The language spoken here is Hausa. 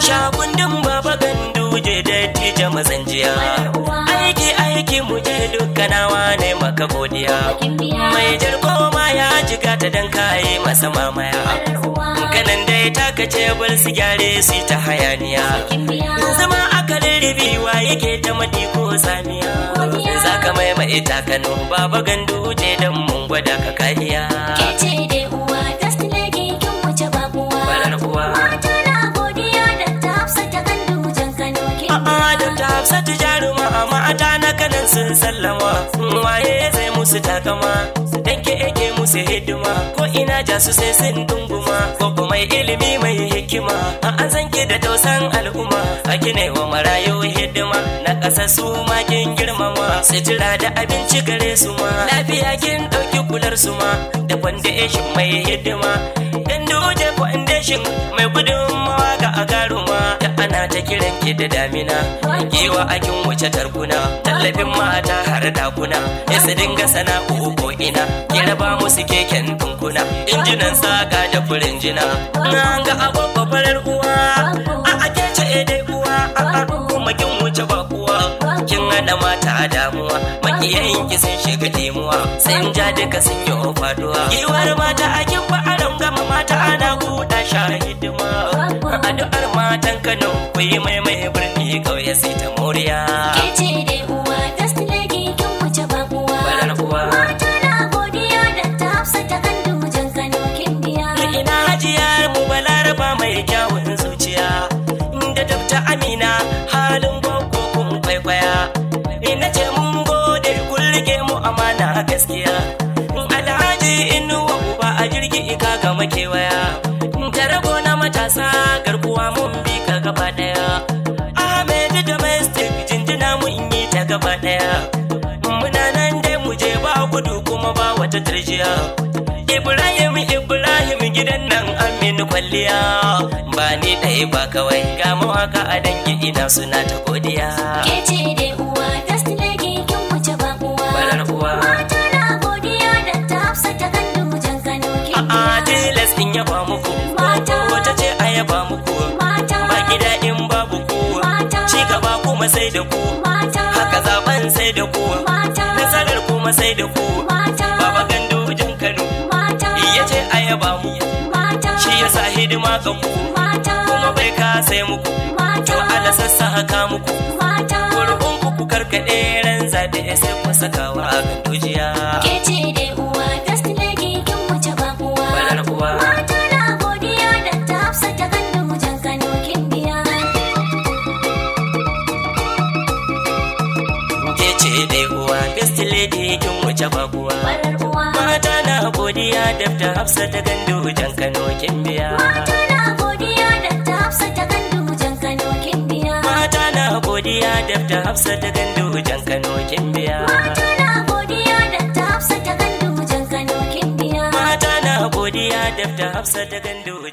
shagundin baba gandu je mazan mazanjiya aiki aiki mu je dukkanawa ne maka godiya mai jarkoma ya jiga ta dan kayi masa mamaya kanan ya taka bar su gyare su ta hayaniya zama aka rarrabe wa yake ta madi ko samiya za ka maimaita kano baba gandu je dan mun gwada ka kahiya adam da hafsatu jaruma ma'ada na kanan sun sallama mm, waye zai musu takama su dan ke musu hidima ko ina jasu sai sun dunguma ko mai ilimi mai hikima ah, an ke da tausan al'umma a kine wa marayu hidima na kasa su ma kin girmama sutura da abinci gare su ma lafiya kin dauki kular su ma da foundation mai hidima dan duje foundation mai gudunmawa ga agaru kiran ki da damina giwa akin wuce tarkuna tallafin mata har dakuna ya su dinga sana'u ko ina ki raba musu keken tunkuna injinan saka da furin jina na ga agwagwa farar uwa a ake ce eh dai uwa a kuma kin wuce ba kin hada mata damuwa makiyayin ki sun shiga temuwa in ja duka sun yi faduwa giwar mata a kin fa'aran gama mata ana Kano kuyi mai mai birni kauye sai ta moriya. Kece dai uwa ta silage kin wuce ba uwa. uwa. Mata na godiya da ta hafsa ta hannu jan Kano kin biya. Ina hajiyar mu balaraba mai kyawun zuciya. Inda dabta Amina halin boko kun kwaikwaya. Ina ce mun gode kun rike mu amana gaskiya. Alhaji inuwa uba a jirgi ika ga makewaya. Tare na matasa zuciya Ibrahim Ibrahim gidan nan amin kwalliya ba ni ɗaya ba kawai ga mawaka a dangi ina suna ta godiya ke dai uwa ta stilage kin wuce ba uwa barar uwa mata na godiya da ta hafsa ta kan jan kano ke a tilas in yaba muku mata wata ce a yaba muku mata ba gida in babu ku mata ci gaba kuma sai da ku mata haka zaben sai da ku mata nasarar kuma sai da ku mata baba hidima ga mata, kuma bai ka sai muku to ala sassa haka muku mata, ku ku karkade ran zabe sai ku sakawa a ga tujiya ke ce dai uwa gaskiya ne kin wuce ba uwa uwa mata na godiya da ta hafsa ta mujan Kano kin biya dai uwa gaskiya ne kin ba uwa uwa mata na godiya ta hafsa ta gandu jan kano kin biya mata na godiya ta hafsa ta gandu jan kano kin biya mata na godiya ta hafsa ta gandu jan kano kin biya mata na godiya ta hafsa ta gandu jan kano kin biya mata na godiya ta hafsa ta gandu